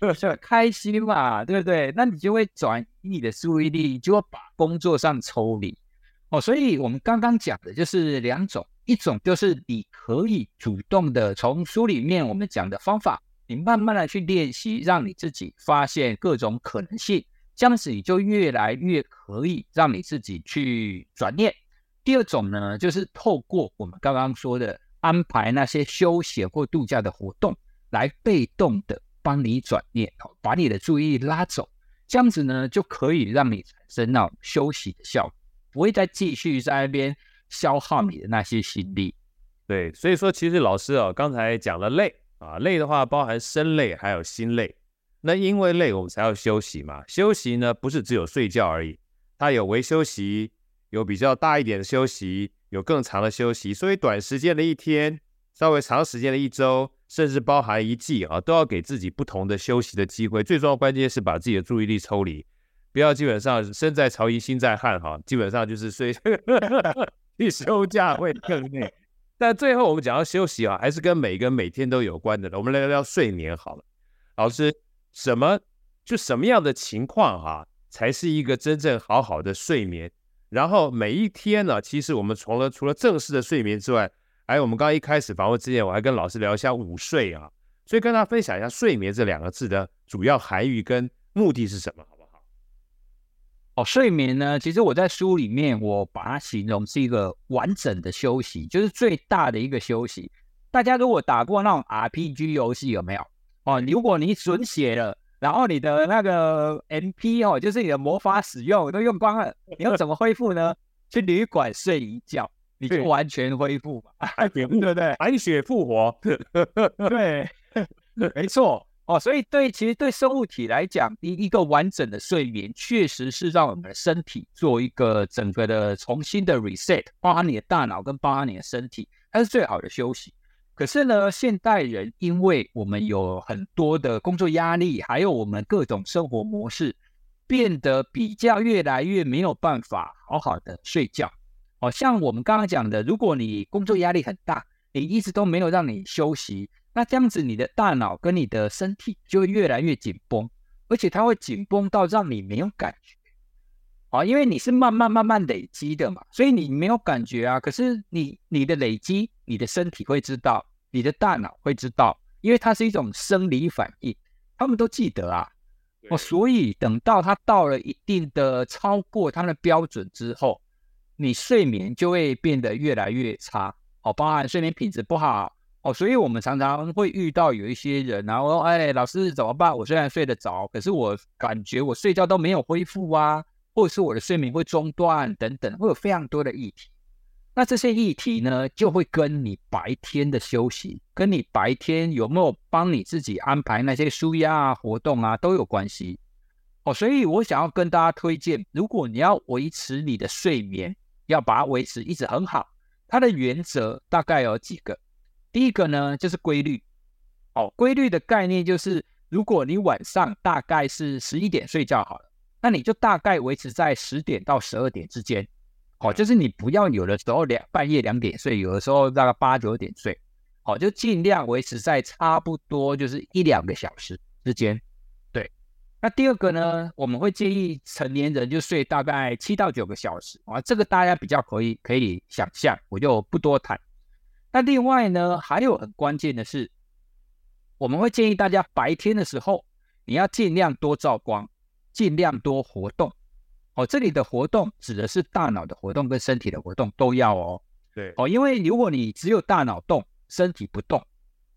就是開心嘛，對不對？那你就會轉移你的注意力，就會把工作上抽離哦。所以我們剛剛講的就是兩種，一種就是你可以主動的從書裡面我們講的方法。你慢慢的去練習，讓你自己發現各種可能性，這樣子你就越來越可以讓你自己去轉念。第二種呢，就是透過我們剛剛說的安排那些休息或度假的活動，來被動的幫你轉念，把你的注意力拉走，這樣子呢，就可以讓你產生到休息的效果，不會再繼續在那邊消耗你的那些心力。對，所以說其實老師啊，剛才講了累。啊，累的話包含身累還有心累。那因為累，我們才要休息嘛。休息呢，不是只有睡覺而已，它有微休息，有比較大一點的休息，有更長的休息。所以短時間的一天，稍微長時間的一周，甚至包含一季啊，都要給自己不同的休息的機會。最重要的關鍵是把自己的注意力抽離，不要基本上身在曹營心在漢哈，基本上就是睡，一 休假會更累。但最後我們講到休息啊，還是跟每一個每天都有關的。我們來聊聊睡眠好了。老師，什麼就什麼樣的情況啊，才是一個真正好好的睡眠？然後每一天呢，啊，其實我們除了除了正式的睡眠之外，哎，我們剛剛一開始訪問之前，我還跟老師聊一下午睡啊。所以跟大家分享一下睡眠這兩個字的主要含義跟目的是什麼。哦，睡眠呢，其實我在書裡面，我把它形容是一個完整的休息，就是最大的一個休息。大家如果打過那種 RPG 遊戲有沒有？哦，如果你損血了，然後你的那個 MP 哦，就是你的魔法使用都用光了，你要怎麼恢復呢？ 去旅館睡一覺，你就完全恢復嘛，對不對？滿血復活，對，對沒錯。哦，所以對，其實對生物體來講，一個完整的睡眠確實是讓我們的身體做一個整個的重新的 reset，包含你的大腦跟包含你的身體，它是最好的休息。可是呢，現代人因為我們有很多的工作壓力，還有我們各種生活模式，變得比較越來越沒有辦法好好的睡覺。哦，像我們剛剛講的，如果你工作壓力很大，你一直都沒有讓你休息。那這樣子，你的大腦跟你的身體就會越來越緊繃，而且它會緊繃到讓你沒有感覺，啊、哦，因為你是慢慢慢慢累積的嘛，所以你沒有感覺啊。可是你你的累積，你的身體會知道，你的大腦會知道，因為它是一種生理反應，他們都記得啊。哦，所以等到它到了一定的超過它的標準之後，你睡眠就會變得越來越差，哦，包含睡眠品質不好。哦，所以，我們常常會遇到有一些人啊，然後說，哎，老師怎麼辦？我雖然睡得着，可是我感覺我睡覺都沒有恢復啊，或者是我的睡眠會中斷等等，會有非常多的議題。那這些議題呢，就會跟你白天的休息，跟你白天有沒有幫你自己安排那些舒壓啊、活動啊，都有關係。哦，所以我想要跟大家推薦，如果你要維持你的睡眠，要把它維持一直很好，它的原則大概有幾個。第一個呢，就是規律。好，規律的概念就是，如果你晚上大概是十一點睡覺好了，那你就大概維持在十點到十二點之間。好，就是你不要有的時候兩半夜兩點睡，有的時候大概八九點睡。好，就盡量維持在差不多就是一兩個小時之間。對。那第二個呢，我們會建議成年人就睡大概七到九個小時啊，這個大家比較可以可以想象，我就不多談。那另外呢，還有很關鍵的是，我們會建議大家白天的時候，你要盡量多照光，盡量多活動。哦，這裡的活動指的是大腦的活動跟身體的活動都要哦。對，哦，因為如果你只有大腦動，身體不動，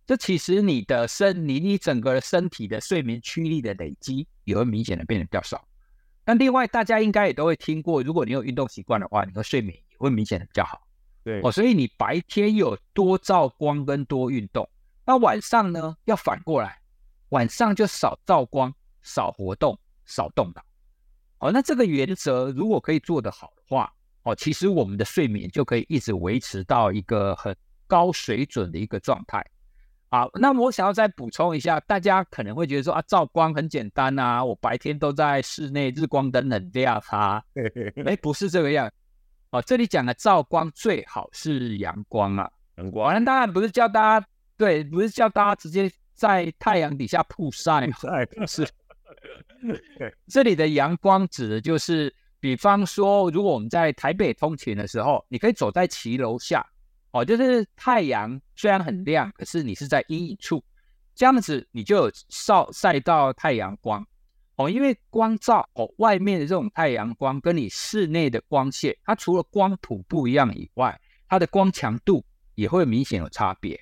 這其實你的身你你整個身體的睡眠驅力的累積也會明顯的變得比較少。那另外大家應該也都會聽過，如果你有運動習慣的話，你的睡眠也會明顯的比較好。對哦，所以你白天有多照光跟多運動，那晚上呢，要反過來，晚上就少照光、少活動、少動腦。哦，那這個原則如果可以做得好的話，哦，其實我們的睡眠就可以一直維持到一個很高水準的一個狀態。好，啊，那我想要再補充一下，大家可能會覺得說啊，照光很簡單啊，我白天都在室內日光燈冷掉它。 哎，不是這個樣。哦，這裡講的照光最好是陽光啊，陽光。當然不是叫大家對，不是叫大家直接在太陽底下曝曬，陽光是。這裡的陽光指的就是，比方說，如果我們在台北通勤的時候，你可以走在騎樓下，哦，就是太陽雖然很亮，可是你是在陰影處，這樣子你就有少曬，曬到太陽光。哦，因為光照哦，外面的這種太陽光跟你室內的光線，它除了光譜不一樣以外，它的光強度也會明顯有差別，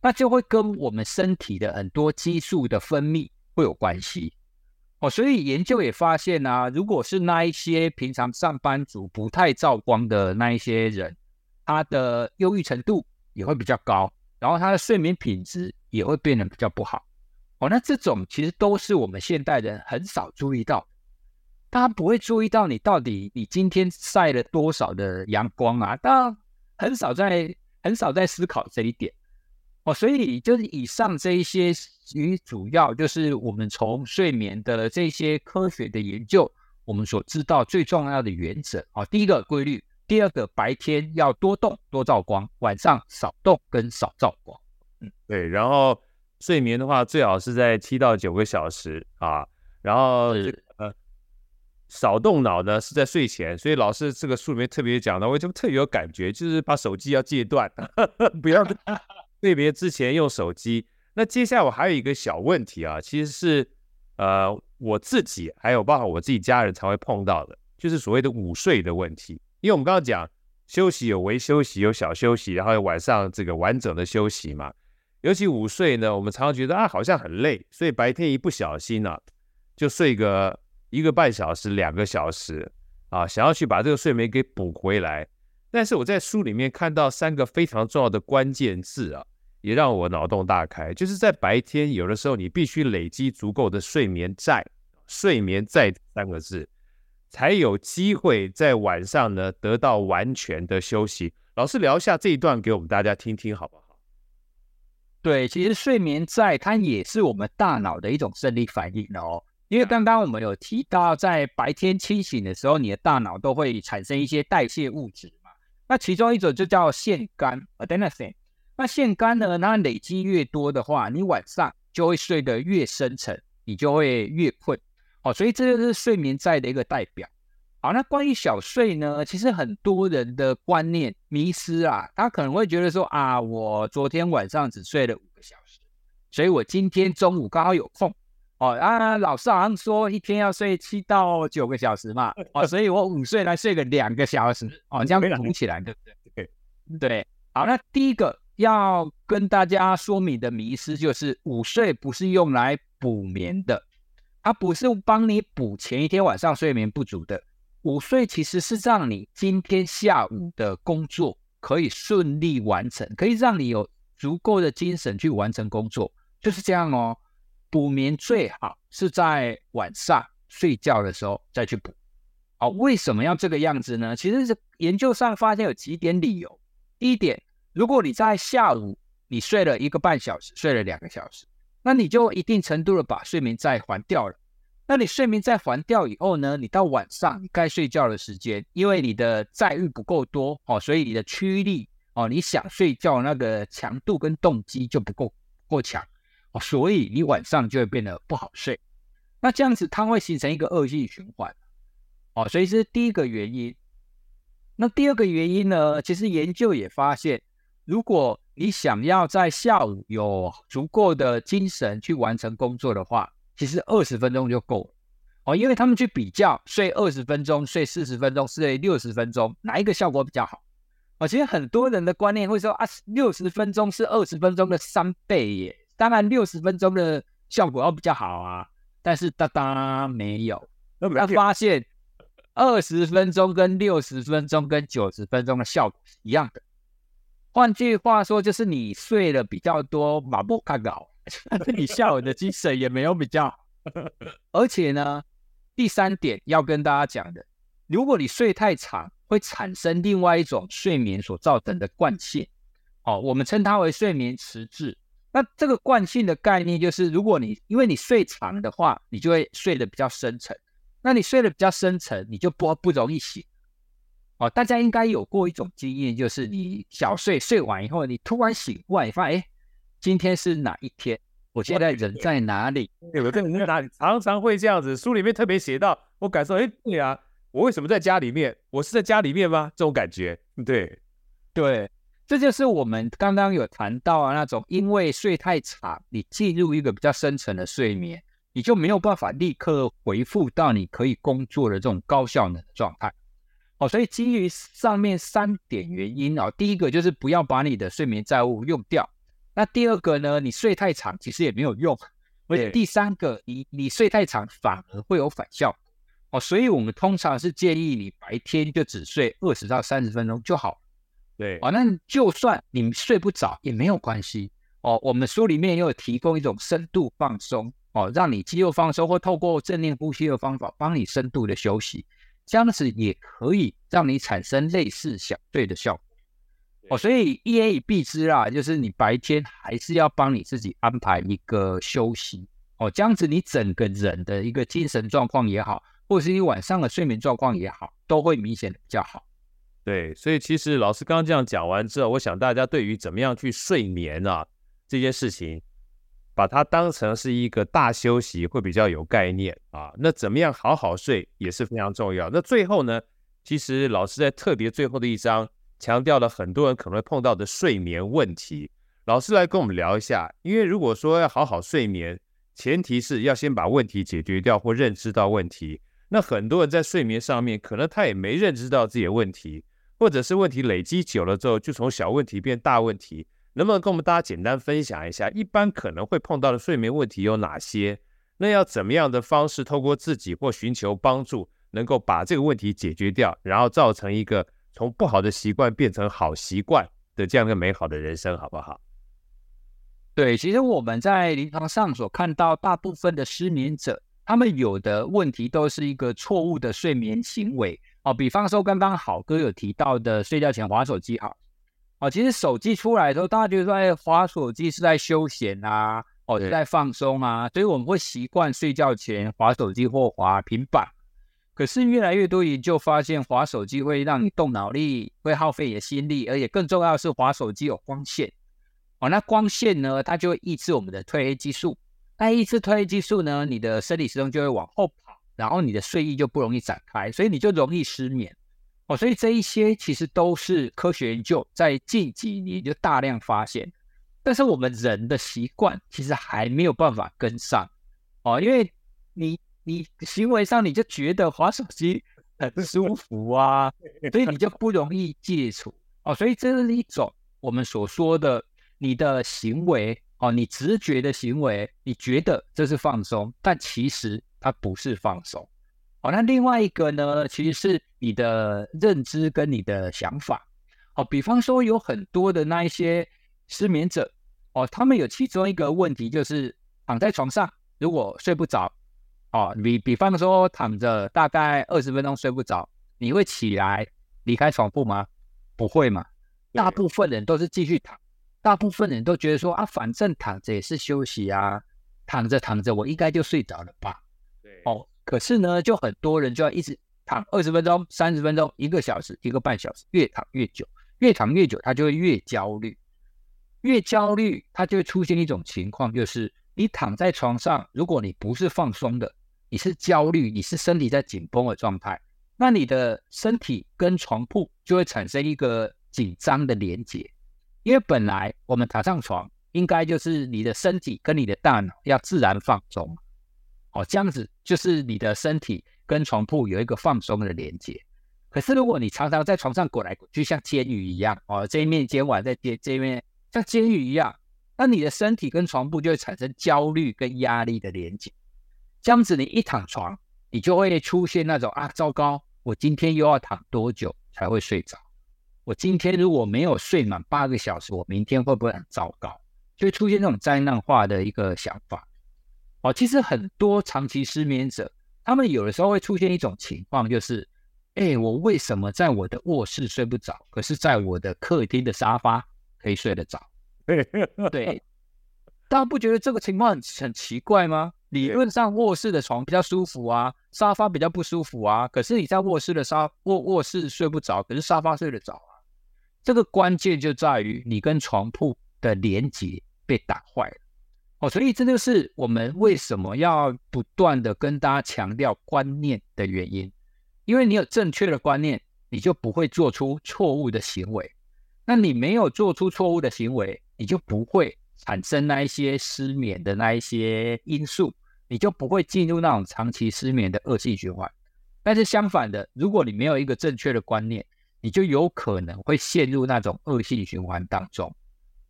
那就會跟我們身體的很多激素的分泌會有關係。哦，所以研究也發現啊，如果是那一些平常上班族不太照光的那一些人，他的憂鬱程度也會比較高，然後他的睡眠品質也會變得比較不好。哦，那這種其實都是我們現代人很少注意到，當然不會注意到你到底你今天曬了多少的陽光啊？當然很少在很少在思考這一點。哦，所以就是以上這一些與主要就是我們從睡眠的這些科學的研究，我們所知道最重要的原則。哦，第一個規律，第二個白天要多動多照光，晚上少動跟少照光。嗯，對，然後。睡眠的話，最好是在七到九個小時啊，然後呃少動腦呢是在睡前，所以老師這個書裡面特別講到，我就特別有感覺，就是把手機要戒斷， 不要特別 之前用手機。那接下來我還有一個小問題啊，其實是呃我自己還有包括我自己家人才會碰到的，就是所謂的午睡的問題，因為我們剛剛講休息有微休息、有小休息，然後晚上這個完整的休息嘛。尤其午睡呢，我們常常覺得啊，好像很累，所以白天一不小心呢，啊，就睡個一個半小時、兩個小時啊，想要去把這個睡眠給補回來。但是我在書裡面看到三個非常重要的關鍵字啊，也讓我腦洞大開，就是在白天有的時候你必須累積足夠的睡眠債、睡眠債三個字，才有機會在晚上呢得到完全的休息。老師聊一下這一段給我們大家聽聽，好不好？對，其實睡眠債它也是我們大腦的一種生理反應哦。因為剛剛我們有提到，在白天清醒的時候，你的大腦都會產生一些代謝物質嘛。那其中一種就叫腺苷 （adenosine）。那腺苷呢，它累積越多的話，你晚上就會睡得越深沉，你就會越困。哦，所以這就是睡眠債的一個代表。好，那關於小睡呢？其實很多人的觀念迷思啊，他可能會覺得說，啊，我昨天晚上只睡了五個小時，所以我今天中午剛好有空哦，啊，老師好像說一天要睡七到九個小時嘛，呃、哦，所以我午睡來睡個兩個小時、呃、哦，這樣補起來對不對？對對，好，那第一個要跟大家說明的迷思就是午睡不是用來補眠的，它、啊、不是幫你補前一天晚上睡眠不足的。午睡其實是讓你今天下午的工作可以順利完成，可以讓你有足夠的精神去完成工作，就是這樣哦。補眠最好是在晚上睡覺的時候再去補。好，哦，為什麼要這個樣子呢？其實是研究上發現有幾點理由。第一點，如果你在下午你睡了一個半小時，睡了兩個小時，那你就一定程度的把睡眠債還掉了。那你睡眠債還掉以後呢？你到晚上你該睡覺的時間，因為你的在育不夠多哦，所以你的驅力哦，你想睡覺那個強度跟動機就不夠不夠強哦，所以你晚上就會變得不好睡。那這樣子它會形成一個惡性循環，哦，所以這是第一個原因。那第二個原因呢？其實研究也發現，如果你想要在下午有足夠的精神去完成工作的話，其實二十分鐘就夠了哦，因為他們去比較睡二十分鐘、睡四十分鐘、睡六十分鐘，哪一個效果比較好？哦，其實很多人的觀念會說啊，六十分鐘是二十分鐘的三倍耶，當然六十分鐘的效果要比較好啊，但是噹噹沒有，他發現二十分鐘跟六十分鐘跟九十分鐘的效果是一樣的。換句話說，就是你睡了比較多，馬不卡稿。 你下午的精神也沒有比較好，而且呢，第三點要跟大家講的，如果你睡太長，會產生另外一種睡眠所造成的慣性，哦，我們稱它為睡眠遲滯。那這個慣性的概念就是，如果你因為你睡長的話，你就會睡得比較深沉，那你睡得比較深沉，你就不不容易醒。哦，大家應該有過一種經驗，就是你小睡睡完以後，你突然醒過來，發現哎。今天是哪一天？我現在人在哪裡？我正在哪裡？常常會這樣子。書裡面特別寫到，我感受，哎，對啊，我為什麼在家裡面？我是在家裡面嗎？這種感覺，對對，這就是我們剛剛有談到啊，那種因為睡太長，你進入一個比較深層的睡眠，你就沒有辦法立刻回復到你可以工作的這種高效能的狀態。哦，所以基於上面三點原因啊，哦，第一個就是不要把你的睡眠債務用掉。那第二個呢？你睡太長其實也沒有用，而、哎、且對第三個，你你睡太長反而會有反效哦。所以我們通常是建議你白天就只睡二十到三十分鐘就好。對，哦，那就算你睡不着也沒有關係哦。我們書裡面又有提供一種深度放鬆哦，讓你肌肉放鬆，或透過正念呼吸的方法幫你深度的休息，這樣子也可以讓你產生類似小睡的效果。哦，所以一言以蔽之啦、啊，就是你白天還是要幫你自己安排一個休息哦，這樣子你整個人的一個精神狀況也好，或者是你晚上的睡眠狀況也好，都會明顯的比較好。對，所以其實老師剛剛這樣講完之後，我想大家對於怎麼樣去睡眠啊這件事情，把它當成是一個大休息會比較有概念啊。那怎麼樣好好睡也是非常重要。那最後呢，其實老師在特別最後的一章。強調了很多人可能會碰到的睡眠問題，老師來跟我們聊一下。因為如果說要好好睡眠，前提是要先把問題解決掉或認知到問題。那很多人在睡眠上面，可能他也沒認知到自己的問題，或者是問題累積久了之後，就從小問題變大問題。能不能跟我們大家簡單分享一下，一般可能會碰到的睡眠問題有哪些？那要怎麼樣的方式，透過自己或尋求幫助，能夠把這個問題解決掉，然後造成一個。從不好的習慣變成好習慣的這樣一個美好的人生，好不好？對，其實我們在臨床上所看到，大部分的失眠者，他們有的問題都是一個錯誤的睡眠行為。哦，比方說剛剛好哥有提到的，睡覺前滑手機，好，哦，其實手機出來的時候，大家覺得，滑手機是在休閒啊，哦是在放鬆啊，對所以我們會習慣睡覺前滑手機或滑平板。可是越來越多研究發現，滑手機會讓你動腦力，會耗費你的心力，而且更重要的是，滑手機有光線。哦，那光線呢？它就會抑制我們的褪黑激素。那抑制褪黑激素呢？你的生理時鐘就會往後跑，然後你的睡意就不容易展開，所以你就容易失眠。哦，所以這一些其實都是科學研究在近幾年你就大量發現，但是我們人的習慣其實還沒有辦法跟上。哦，因為你。你行為上你就覺得滑手機很舒服啊，所以你就不容易戒除哦。所以這是一種我們所說的你的行為哦，你直覺的行為，你覺得這是放鬆，但其實它不是放鬆哦。那另外一個呢，其實是你的認知跟你的想法哦。比方說有很多的那一些失眠者哦，他們有其中一個問題就是躺在床上，如果睡不着。哦，比比方說躺着大概二十分鐘睡不着，你會起來離開床鋪嗎？不會嘛，大部分人都是繼續躺，大部分人都覺得說啊，反正躺着也是休息啊，躺着躺着我應該就睡着了吧。對，哦，可是呢，就很多人就要一直躺二十分鐘、三十分鐘、一個小時、一個半小時，越躺越久，越躺越久，他就會越焦慮，越焦慮，他就會出現一種情況，就是你躺在床上，如果你不是放鬆的。你是焦慮，你是身體在緊繃的狀態，那你的身體跟床鋪就會產生一個緊張的連接，因為本來我們躺上床，應該就是你的身體跟你的大腦要自然放鬆，哦，這樣子就是你的身體跟床鋪有一個放鬆的連接。可是如果你常常在床上滾來滾去，就像煎魚一樣，哦，這一面煎完再煎這一面像煎魚一樣，那你的身體跟床鋪就會產生焦慮跟壓力的連接。這樣子，你一躺床，你就會出現那種啊，糟糕！我今天又要躺多久才會睡着？我今天如果沒有睡滿八個小時，我明天會不會很糟糕？就會出現這種災難化的一個想法。哦，其實很多長期失眠者，他們有的時候會出現一種情況，就是，哎、欸，我為什麼在我的臥室睡不着，可是在我的客廳的沙發可以睡得着？對，大家不覺得這個情況很很奇怪嗎？理論上臥室的床比較舒服啊，沙發比較不舒服啊。可是你在臥室的沙臥、臥室睡不着，可是沙發睡得着啊。這個關鍵就在於你跟床鋪的連接被打壞了哦，所以這就是我們為什麼要不斷的跟大家強調觀念的原因。因為你有正確的觀念，你就不會做出錯誤的行為。那你沒有做出錯誤的行為，你就不會產生那一些失眠的那一些因素。你就不會進入那種長期失眠的惡性循環，但是相反的，如果你沒有一個正確的觀念，你就有可能會陷入那種惡性循環當中。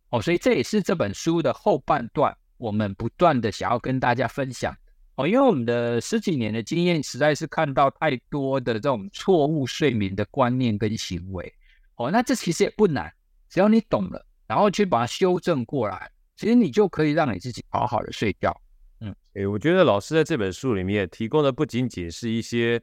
哦，所以這也是這本書的後半段，我們不斷的想要跟大家分享哦，因為我們的十幾年的經驗，實在是看到太多的這種錯誤睡眠的觀念跟行為。哦，那這其實也不難，只要你懂了，然後去把它修正過來，其實你就可以讓你自己好好的睡覺。誒、欸，我覺得老師在這本書裡面提供的不僅僅是一些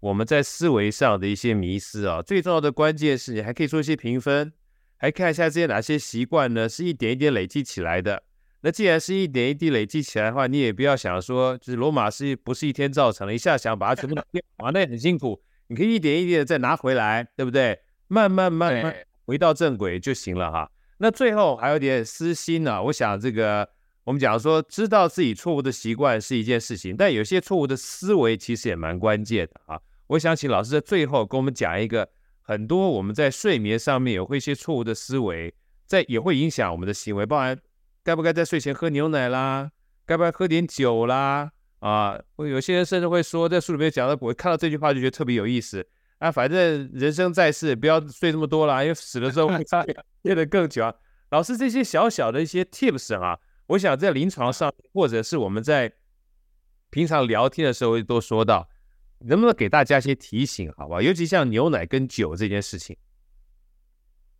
我們在思維上的一些迷思啊，最重要的關鍵是你還可以說一些評分，還看一下這些哪些習慣呢是一點一點累積起來的。那既然是一點一滴累積起來的話，你也不要想說就是羅馬是不是一天造成的，一下想把它全部拿掉啊，那也很辛苦。你可以一點一點的再拿回來，對不對？慢慢慢慢回到正軌就行了哈。那最後還有一點私心呢、啊，我想這個。我們假如說知道自己錯誤的習慣是一件事情，但有些錯誤的思維其實也蠻關鍵的啊！我想請老師在最後跟我們講一個，很多我們在睡眠上面也會一些錯誤的思維，在也會影響我們的行為，包含該不該在睡前喝牛奶啦，該不該喝點酒啦，啊，有些人甚至會說，在書裡面講到，我看到這句話就覺得特別有意思啊！反正人生在世，不要睡這麼多啦，因為死了之後會變得更久啊！老師，這些小小的一些 tips 啊。我想在臨床上，或者是我們在平常聊天的時候都說到，能不能給大家一些提醒？好吧，尤其像牛奶跟酒這件事情。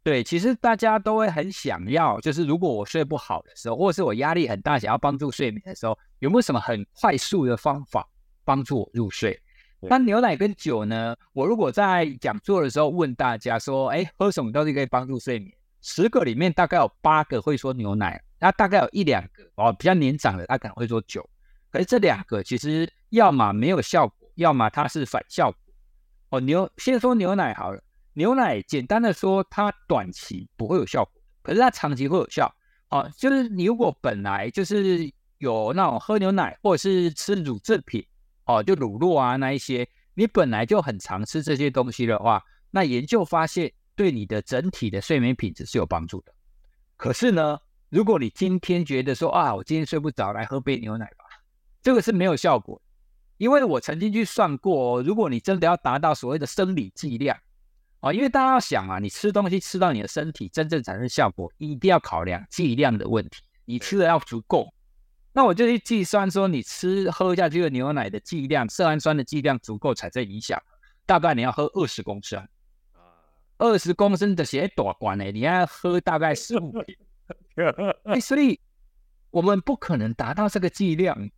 對，其實大家都會很想要，就是如果我睡不好的時候，或者是我壓力很大，想要幫助睡眠的時候，有沒有什麼很快速的方法幫助我入睡？那、嗯、牛奶跟酒呢？我如果在講座的時候問大家說，哎，喝什麼到底可以幫助睡眠？十個裡面大概有八個會說牛奶。那大概有一兩個哦，比較年長的他，啊，可能會說酒，可是這兩個其實要麼沒有效果，要麼它是反效果。哦，牛先說牛奶好了，牛奶簡單的說，它短期不會有效果，可是它長期會有效。哦，就是你如果本來就是有那種喝牛奶或者是吃乳製品哦，就乳酪啊，那一些，你本來就很常吃這些東西的話，那研究發現對你的整體的睡眠品質是有幫助的。可是呢？如果你今天覺得說啊，我今天睡不着，來喝杯牛奶吧，這個是沒有效果。因為我曾經去算過，如果你真的要達到所謂的生理劑量，啊，因為大家想啊，你吃東西吃到你的身體真正產生效果，一定要考量劑量的問題，你吃的要足夠。那我就去計算說，你吃喝下去的牛奶的劑量，色氨酸的劑量足夠產生影響，大概你要喝二十公升。二十公升是多大罐呢？你要喝大概十五瓶。哎，所以我們不可能達到這個劑量。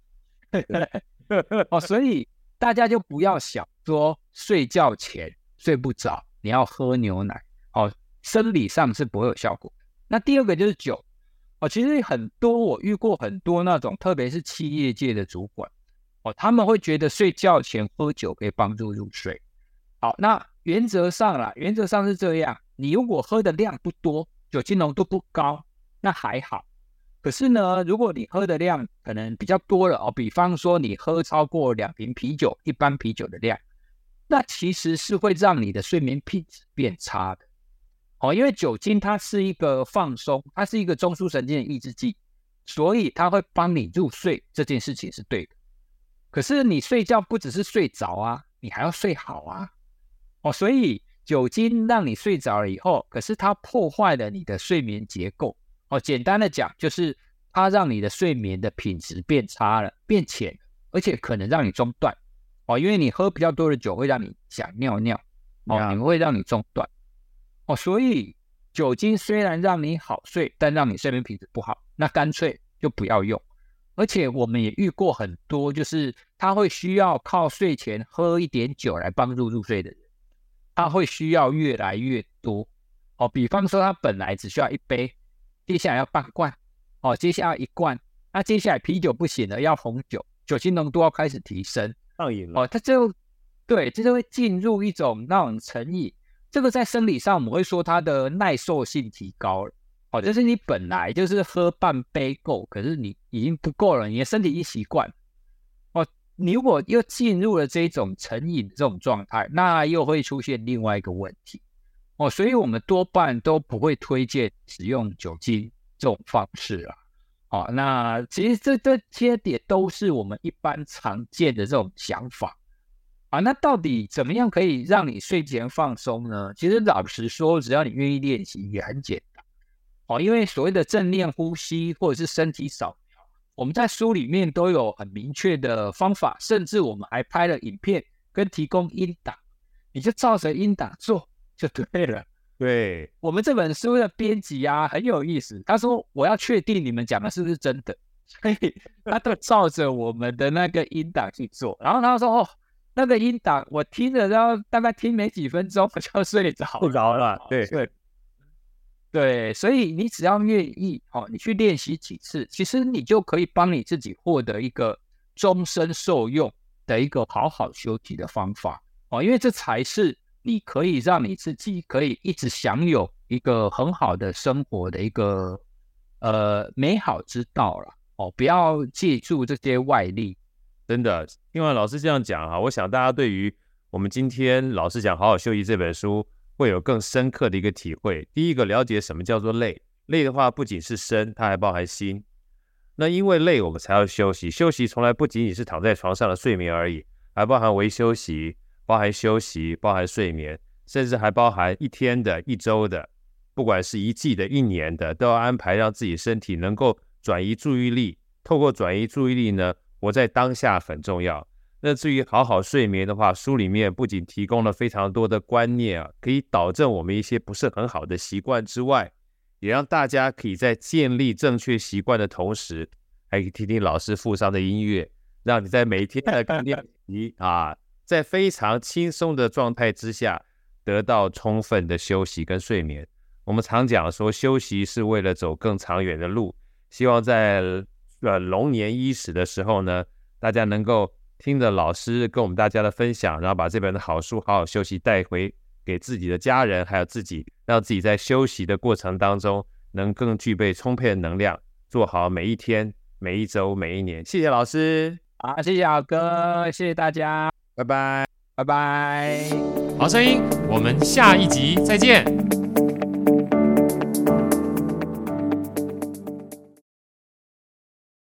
哦，所以大家就不要想說睡覺前睡不着，你要喝牛奶哦，生理上是不會有效果。那第二個就是酒哦，其實很多我遇過很多那種，特別是企業界的主管哦，他們會覺得睡覺前喝酒可以幫助入睡。好，那原則上啦，原則上是這樣，你如果喝的量不多，酒精濃度不高。那還好，可是呢，如果你喝的量可能比較多了哦，比方說你喝超過兩瓶啤酒，一般啤酒的量，那其實是會讓你的睡眠品質變差的哦。因為酒精它是一個放鬆，它是一個中樞神經的抑制劑，所以它會幫你入睡，這件事情是對的。可是你睡覺不只是睡着啊，你還要睡好啊哦，所以酒精讓你睡着了以後，可是它破壞了你的睡眠結構。哦、簡單的講，就是它讓你的睡眠的品質變差了，變淺，而且可能讓你中斷哦，因為你喝比較多的酒，會讓你想尿尿哦，你，啊、也會讓你中斷哦，所以酒精雖然讓你好睡，但讓你睡眠品質不好，那乾脆就不要用。而且我們也遇過很多，就是他會需要靠睡前喝一點酒來幫助入睡的人，他會需要越來越多哦，比方說他本來只需要一杯。接下來要半罐，哦，接下來要一罐，那接下來啤酒不行了，要紅酒，酒精濃度要開始提升，上癮了，哦，他就對，這就會進入一種那種成癮，這個在生理上我們會說它的耐受性提高了，哦，就是你本來就是喝半杯夠，可是你已經不夠了，你的身體一習慣，哦，你如果又進入了這種成癮這種狀態，那又會出現另外一個問題。哦，所以，我們多半都不會推薦使用酒精這種方式啊。好、哦，那其實這這些點都是我們一般常見的這種想法啊。那到底怎麼樣可以讓你睡前放鬆呢？其實老實說，只要你願意練習，也很簡單。哦，因為所謂的正念呼吸或者是身體掃描，我們在書裡面都有很明確的方法，甚至我們還拍了影片跟提供音檔，你就照着音檔做。就對了，對，我們這本書的編輯啊很有意思，他說我要確定你們講的是不是真的，所以他都照着我們的那個音檔去做。然後他說哦，那個音檔我聽了，然後大概聽沒幾分鐘我就睡着，睡着了。對對，所以你只要願意哦，你去練習幾次，其實你就可以幫你自己獲得一個終身受用的一個好好休息的方法哦，因為這才是。你可以讓你自己可以一直享有一個很好的生活的一個呃美好之道了、啊、哦，不要借助這些外力。真的，聽完老師這樣講哈、啊，我想大家對於我們今天老師講好好休息這本書，會有更深刻的一個體會。第一個，了解什麼叫做累，累的話不僅是身，它還包含心。那因為累，我們才要休息。休息從來不僅僅是躺在床上的睡眠而已，還包含微休息。包含休息，包含睡眠，甚至還包含一天的、一周的，不管是一季的、一年的，都要安排讓自己身體能夠轉移注意力。透過轉移注意力呢，活在當下很重要。那至於好好睡眠的話，書裡面不僅提供了非常多的觀念啊，可以導正我們一些不是很好的習慣之外，也讓大家可以在建立正確習慣的同時，還可以聽聽老師附上的音樂，讓你在每天的練習啊。在非常輕鬆的狀態之下，得到充分的休息跟睡眠。我們常講說，休息是為了走更長遠的路。希望在呃龍年伊始的時候呢，大家能夠聽着老師跟我們大家的分享，然後把這本的好書好好休息帶回給自己的家人，還有自己，讓自己在休息的過程當中能更具備充沛的能量，做好每一天、每一周、每一年。謝謝老師。好，謝謝郝哥，謝謝大家。拜拜，拜拜，郝聲音，我們下一集再見！